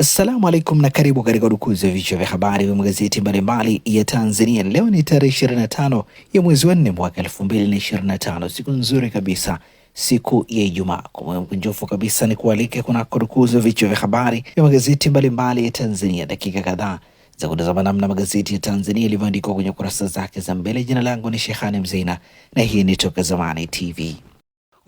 Assalamu alaikum na karibu katika udukuzi ya vichwa vya habari vya magazeti mbalimbali ya Tanzania. Leo ni tarehe 25 ya mwezi wa 4 mwaka 2025, siku nzuri kabisa, siku ya Ijumaa. Kwa moyo mkunjofu kabisa ni kualike kunako dukuzi ya vichwa vya habari vya magazeti mbalimbali ya Tanzania, dakika kadhaa za kutazama namna magazeti ya Tanzania ilivyoandikwa kwenye kurasa zake za mbele. Jina langu ni Shehani Mzeina na hii ni Toka Zamani TV.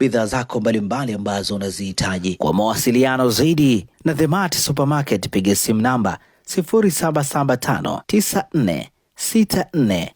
bidhaa zako mbalimbali ambazo unazihitaji. Kwa mawasiliano zaidi na The Mart Supermarket, piga simu namba 0775946447.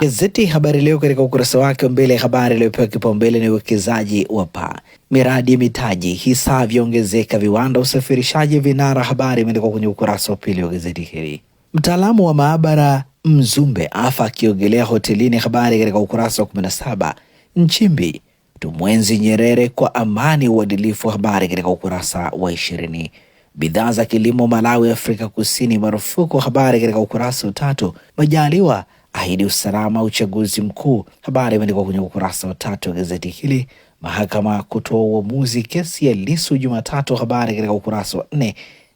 Gazeti Habari Leo katika ukurasa wake wa mbele ya habari iliyopewa kipaumbele ni uwekezaji wa paa, miradi mitaji, hisa vyaongezeka, viwanda, usafirishaji vinara. Habari imeandikwa kwenye ukurasa wa pili wa gazeti hili. Mtaalamu wa maabara Mzumbe afa akiogelea hotelini. Habari katika ukurasa wa 17. Nchimbi Tumwenzi Nyerere kwa amani, uadilifu. Habari katika ukurasa wa ishirini. Bidhaa za kilimo Malawi, Afrika Kusini marufuku. Habari katika ukurasa wa tatu. Majaliwa ahidi usalama uchaguzi mkuu. Habari imeandikwa kwenye ukurasa wa tatu wa gazeti hili. Mahakama kutoa uamuzi kesi ya Lisu Jumatatu. Habari katika ukurasa wa nne.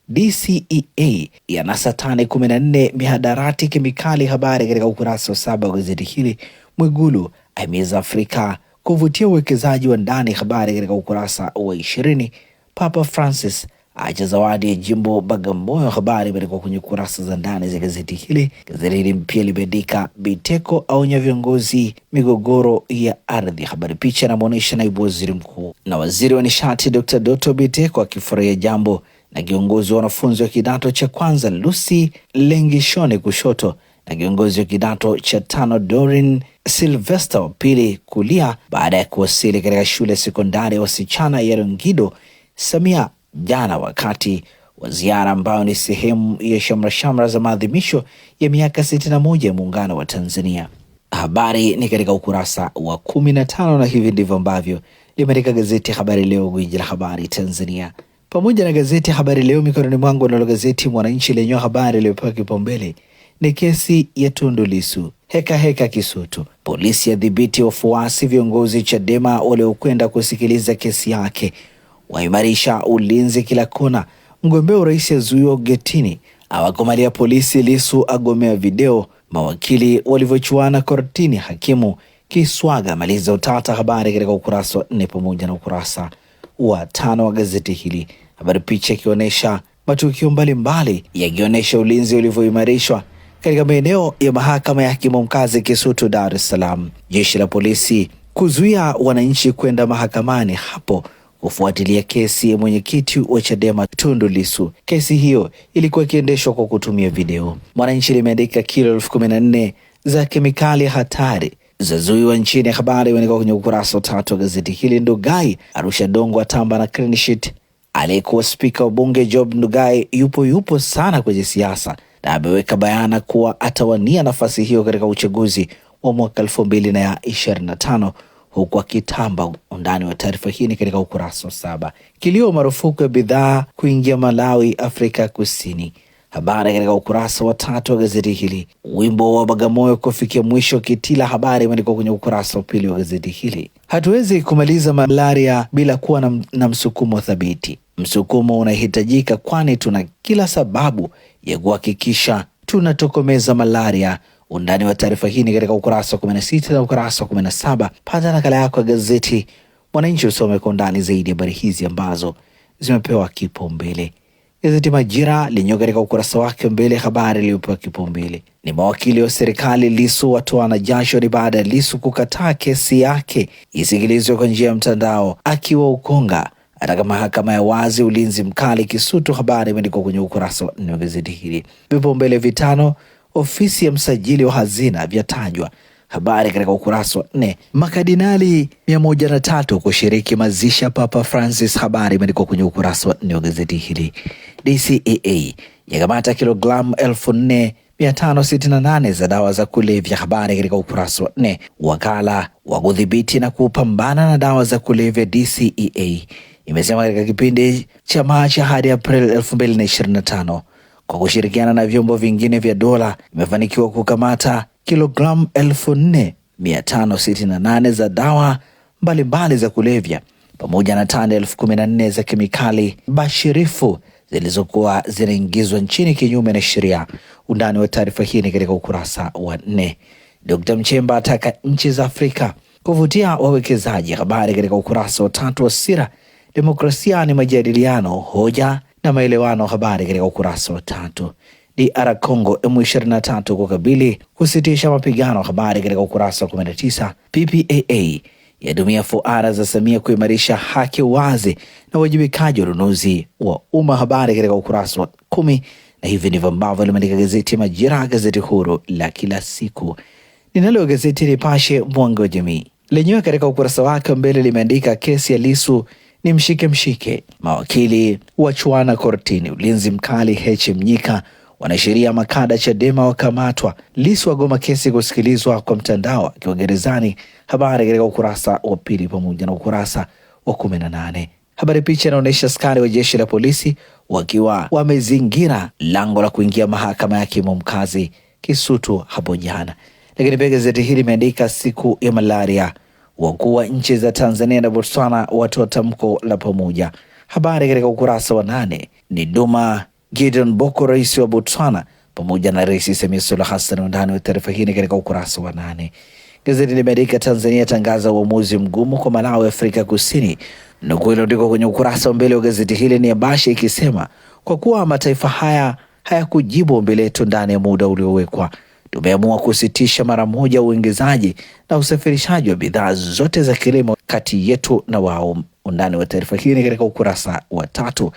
DCEA yanasa tani kumi na nne mihadarati kemikali. Habari katika ukurasa wa saba wa gazeti hili. Mwigulu aimiza Afrika kuvutia uwekezaji wa ndani. Habari katika ukurasa wa ishirini. Papa Francis acha zawadi ya jimbo Bagamoyo. Habari imeandikwa kwenye kurasa za ndani za gazeti hili. Gazeti hili pia limeandika Biteko aonya viongozi migogoro ya ardhi. Habari picha inamwonyesha naibu waziri mkuu na waziri wa nishati Dr. Doto Biteko akifurahia jambo na kiongozi wa wanafunzi wa kidato cha kwanza Lucy Lengishone kushoto na kiongozi wa kidato cha tano Dorin Silvester wa pili kulia baada ya kuwasili katika shule sekondari ya wasichana ya Rongido Samia jana wakati wa ziara ambayo ni sehemu ya shamrashamra za maadhimisho ya miaka 61 ya muungano wa Tanzania. Habari ni katika ukurasa wa 15 na hivi ndivyo ambavyo limeandika gazeti ya Habari Leo, gwiji la habari Tanzania, pamoja na gazeti ya Habari Leo mikononi mwangu, nalo gazeti Mwananchi lenyewe habari iliyopewa kipaumbele ni kesi ya Tundu Lissu. Heka heka Kisutu, polisi yadhibiti wafuasi viongozi Chadema waliokwenda kusikiliza kesi yake, waimarisha ulinzi kila kona. Mgombea urais azuiwa getini, awakomalia polisi. Lissu agomea video, mawakili walivyochuana kortini. Hakimu Kiswaga maliza utata. Habari katika ukurasa wa nne pamoja na ukurasa wa tano wa gazeti hili, habari picha ikionyesha matukio mbalimbali yakionyesha ulinzi ulivyoimarishwa katika maeneo ya mahakama ya hakimu mkazi Kisutu, Dar es Salaam. Jeshi la polisi kuzuia wananchi kwenda mahakamani hapo kufuatilia kesi ya mwenyekiti wa Chadema Tundu Lissu. Kesi hiyo ilikuwa ikiendeshwa kwa kutumia video. Mwananchi limeandika kilo elfu kumi na nne za kemikali hatari zazuiwa nchini. Habari imeandikwa kwenye ukurasa wa tatu wa gazeti hili. Ndugai arusha dongo atamba na clean sheet. Aliyekuwa spika wa bunge Job Ndugai yupo yupo sana kwenye siasa na ameweka bayana kuwa atawania nafasi hiyo katika uchaguzi wa mwaka elfu mbili na ishirini na tano huku akitamba. Undani wa taarifa hii ni katika ukurasa wa saba. Kilio marufuku ya bidhaa kuingia Malawi, Afrika Kusini, habari katika ukurasa wa tatu wa gazeti hili. Wimbo wa Bagamoyo kufikia mwisho kitila, habari imeandikwa kwenye ukurasa wa pili wa gazeti hili. Hatuwezi kumaliza malaria bila kuwa na, na msukumo thabiti. Msukumo unahitajika, kwani tuna kila sababu ya kuhakikisha tunatokomeza malaria. Undani wa taarifa hii ni katika ukurasa wa 16 na ukurasa wa 17. Pata nakala yako ya gazeti Mwananchi usome kwa undani zaidi habari hizi ambazo zimepewa kipaumbele. Gazeti Majira lenyewe katika ukurasa wake mbele, habari iliyopewa kipaumbele ni mawakili wa serikali Lisu watoana jasho. Ni baada ya Lisu kukataa kesi yake isikilizwe kwa njia ya mtandao akiwa Ukonga katika mahakama ya wazi ulinzi mkali Kisutu. Habari imeandikwa kwenye ukurasa wa nne wa gazeti hili. Vipaumbele vitano ofisi ya msajili wa hazina vyatajwa, habari katika ukurasa wa nne. Makadinali mia moja na tatu kushiriki mazishi ya Papa Francis, habari imeandikwa kwenye ukurasa wa nne wa gazeti hili. DCAA yakamata kilogramu elfu nne 568 za dawa za kulevya habari katika ukurasa wa nne. Wakala wa kudhibiti na kupambana na dawa za kulevya DCEA imesema katika kipindi cha Machi hadi Aprili 2025 kwa kushirikiana na vyombo vingine vya dola imefanikiwa kukamata kilogramu 4568 za dawa mbalimbali za kulevya pamoja na tani 14 za kemikali bashirifu zilizokuwa zinaingizwa nchini kinyume na sheria. Undani wa taarifa hii ni katika ukurasa wa nne. Dkt Mchemba ataka nchi za Afrika kuvutia wawekezaji, habari katika ukurasa wa tatu wa Sira demokrasia ni majadiliano, hoja na maelewano. Habari katika ukurasa wa tatu. DR Congo M23 kukabili kusitisha mapigano, habari katika ukurasa wa 19. PPAA yatumia fuara za Samia kuimarisha haki, wazi na uwajibikaji wa ununuzi wa umma, habari katika ukurasa wa kumi. Na hivi ndivyo ambavyo limeandika gazeti Majira, gazeti huru la kila siku. Ninalo gazeti Nipashe, mwanga wa jamii, lenyewe katika ukurasa wake mbele limeandika kesi ya Lisu ni mshike mshike. Mawakili wachuana kortini, ulinzi mkali Heche Mnyika, wanasheria makada Chadema wakamatwa, Lissu wagoma kesi kusikilizwa kwa mtandao akiwa gerezani. Habari katika ukurasa wa pili pamoja na ukurasa wa kumi na nane. Habari picha inaonyesha askari wa jeshi la polisi wakiwa wamezingira lango la kuingia mahakama ya kimo mkazi Kisutu hapo jana. Lakini pia gazeti hili limeandika siku ya malaria wakuu wa nchi za Tanzania na Botswana watoa tamko la pamoja. Habari katika ukurasa wa nane. Ni Duma Gideon Boko, rais wa Botswana, pamoja na Rais Samia Suluhu Hassan. Undani wa taarifa hii ni katika ukurasa wa nane. Gazeti limeandika Tanzania tangaza uamuzi mgumu kwa Malawi, Afrika Kusini. Nukuu iliyoandikwa kwenye ukurasa wa mbele wa gazeti hili ni Abashe ikisema kwa kuwa mataifa haya hayakujibu ombi letu ndani ya muda uliowekwa tumeamua kusitisha mara moja uingizaji na usafirishaji wa bidhaa zote za kilimo kati yetu na wao. Undani wa taarifa hii ni katika ukurasa wa tatu.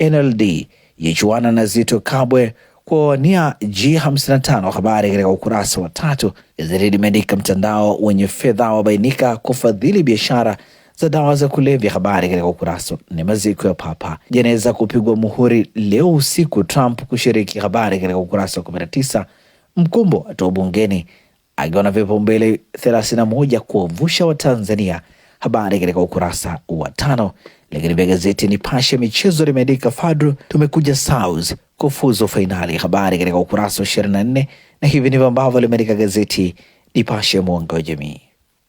NLD yachuana na Zito Kabwe kuwania G55, habari katika ukurasa wa tatu. Gazeti limeandika mtandao wenye fedha wabainika kufadhili biashara za dawa za kulevya, habari katika ukurasa ni maziko ya papa, jeneza kupigwa muhuri leo usiku, Trump kushiriki, habari katika ukurasa wa 19. Mkumbo atoa bungeni akiwa na vipaumbele 31 kuwavusha Watanzania. Habari katika ukurasa wa tano. Lakini pia gazeti Nipashe michezo limeandika Fadru tumekuja South kufuzu fainali, habari katika ukurasa wa 24, na hivi ndivyo ambavyo limeandika gazeti Nipashe mwanga wa jamii.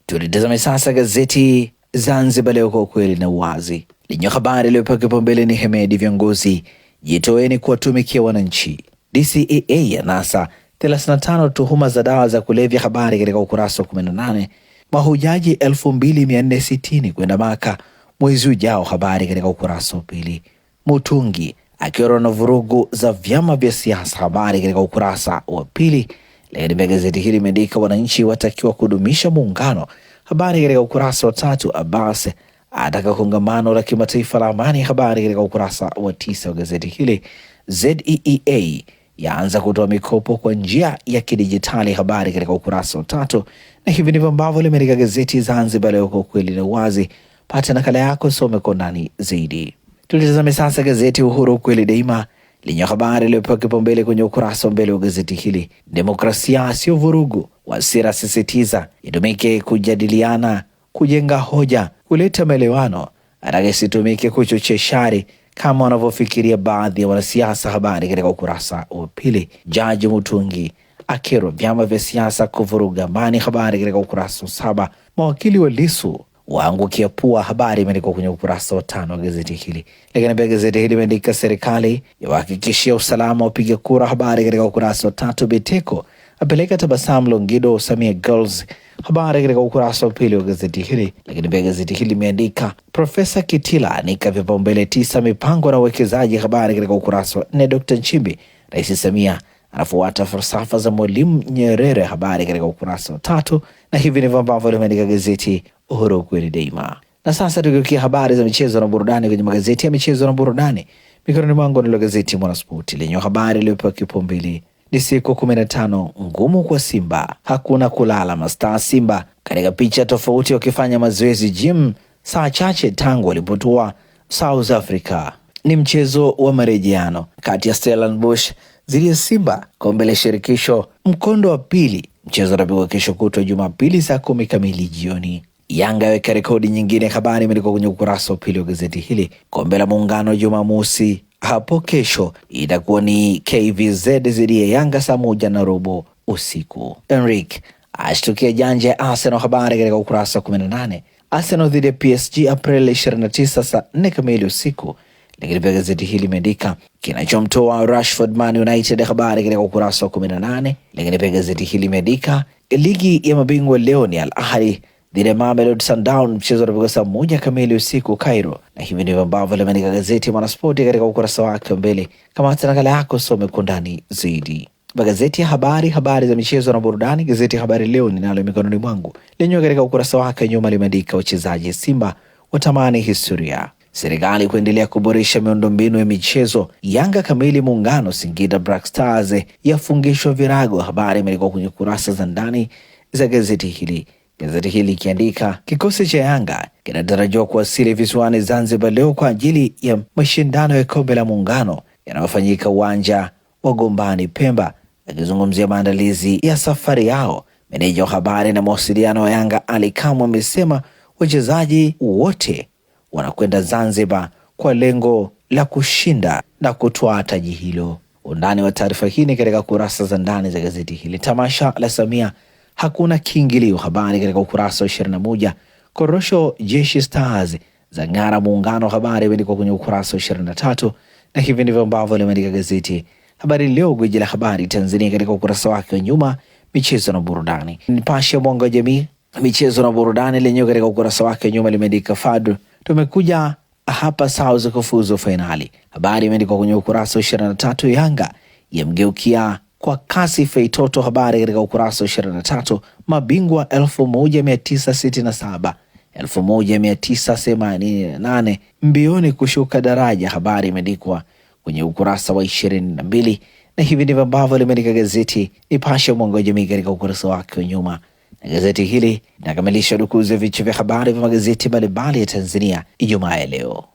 Tulitazame sasa gazeti Zanzibar Leo, kwa ukweli na uwazi, lenye habari iliyopewa kipaumbele ni Hemedi, viongozi jitoeni kuwatumikia wananchi. DCEA ya nasa 35 tuhuma za dawa za kulevya, habari katika ukurasa wa 18. Mahujaji 2460 kwenda Maka mwezi ujao, habari katika ukurasa wa pili. Mutungi akiwa na vurugu za vyama vya siasa, habari katika ukurasa wa pili. Lakini gazeti hili limeandika wananchi watakiwa kudumisha muungano, habari katika ukurasa wa tatu. Abbas ataka kongamano la kimataifa la amani, habari katika ukurasa wa tisa wa gazeti hili. ZEEA yaanza kutoa mikopo kwa njia ya kidijitali. Habari katika ukurasa wa tatu, na hivi ndivyo ambavyo limeandika gazeti Zanzibar Leo, kwa ukweli na uwazi. Pata nakala yako, some kwa ndani zaidi. Tulitazame sasa gazeti Uhuru, ukweli daima, lenye habari iliyopewa kipaumbele kwenye ukurasa wa mbele wa gazeti hili, demokrasia sio vurugu. Wasira sisitiza itumike kujadiliana, kujenga hoja, kuleta maelewano, ataka isitumike kuchochea shari kama wanavyofikiria baadhi ya wanasiasa. Habari katika ukurasa wa pili. Jaji Mutungi akero vyama vya siasa kuvuruga amani. Habari katika ukurasa wa saba. Mawakili wa Lisu waangukia pua. Habari imeandikwa kwenye ukurasa wa tano wa gazeti hili. Lakini pia gazeti hili imeandika serikali yawahakikishia usalama wapiga kura. Habari katika ukurasa wa tatu. Biteko apeleka tabasamu Longido Samia Girls. Habari katika ukurasa wa pili wa gazeti hili. Lakini pia gazeti hili limeandika Profesa Kitila anika vipaumbele tisa mipango na uwekezaji. Habari katika ukurasa wa nne. Dr Nchimbi, Rais Samia anafuata falsafa za Mwalimu Nyerere. Habari katika ukurasa wa tatu, na hivi ndivyo ambavyo limeandika gazeti Uhuru kweli daima. Na sasa tukiukia habari za michezo na burudani kwenye magazeti ya michezo na burudani mikononi mwangu, nilo gazeti Mwanaspoti lenye habari iliyopewa kipaumbele ni siku tano ngumu kwa Simba, hakuna kulala mastaa Simba katika picha tofauti wakifanya mazoezi gym saa chache tangu walipotua South Africa. Ni mchezo wa marejeano kati ya Stellenbosch dhidi ya Simba, kombe la shirikisho mkondo wa pili. Mchezo utapigwa kesho kutwa Jumapili saa kumi kamili jioni. Yanga yaweka rekodi nyingine. Habari imeandikwa kwenye ukurasa wa pili wa gazeti hili. Kombe la Muungano Jumamosi hapo kesho itakuwa ni KVZ dhidi ya Yanga saa moja na robo usiku. Enrique ashtukia janja ya Arsenal, habari katika ukurasa wa 18. Arsenal dhidi ya PSG April 29 saa 4 kamili usiku. Lakini pia gazeti hili limeandika kinachomtoa Rashford Man United, habari katika ukurasa wa 18. Lakini pia gazeti hili limeandika ligi ya mabingwa leo ni Al Ahly dhidi ya Mamelodi Sundowns, mchezo unapigwa saa moja kamili usiku Cairo, na hivi ndivyo ambavyo limeandika gazeti ya Mwanaspoti katika ukurasa wake wa mbele. Kamata nakala yako, some kwa undani zaidi magazeti ya habari, habari za michezo na burudani. Gazeti ya Habari Leo ninalo mikononi mwangu, lenyewe katika ukurasa wake nyuma limeandika wachezaji Simba watamani historia, serikali kuendelea kuboresha miundombinu ya michezo, Yanga kamili muungano, Singida Black Stars yafungishwa virago. Habari imeandikwa kwenye kurasa za ndani za gazeti hili. Gazeti hili ikiandika kikosi cha Yanga kinatarajiwa kuwasili visiwani Zanzibar leo kwa ajili ya mashindano ya kombe la Muungano yanayofanyika uwanja wa Gombani Pemba. Akizungumzia maandalizi ya safari yao, meneja wa habari na mawasiliano wa Yanga Ali Kamwe amesema wachezaji wote wanakwenda Zanzibar kwa lengo la kushinda na kutwaa taji hilo. Undani wa taarifa hii ni katika kurasa za ndani za gazeti hili. Tamasha la Samia hakuna kiingilio. Habari katika ukurasa wa 21. Korosho Jeshi Stars za ng'ara muungano, habari imeandikwa kwenye ukurasa wa 23, na hivi ndivyo ambavyo limeandika gazeti Habari Leo, gwiji la habari Tanzania, katika ukurasa wake wa nyuma, michezo na burudani. Nipashe mwanga wa jamii, michezo na burudani lenyewe katika ukurasa wake wa nyuma limeandika Fadlu, tumekuja hapa South kufuzu fainali. Habari imeandikwa kwenye ukurasa wa 23. Yanga yamgeukia kwa kasi. Feitoto habari katika ukurasa wa 23. Mabingwa 1967 1988 mbioni kushuka daraja, habari imeandikwa kwenye ukurasa wa 22, na hivi ndivyo ambavyo limeandika gazeti Nipashe Mwanga wa Jamii katika ukurasa wake wa nyuma, na gazeti hili linakamilisha dukuzi ya vichwa vya habari vya magazeti mbalimbali ya Tanzania Ijumaa ya leo.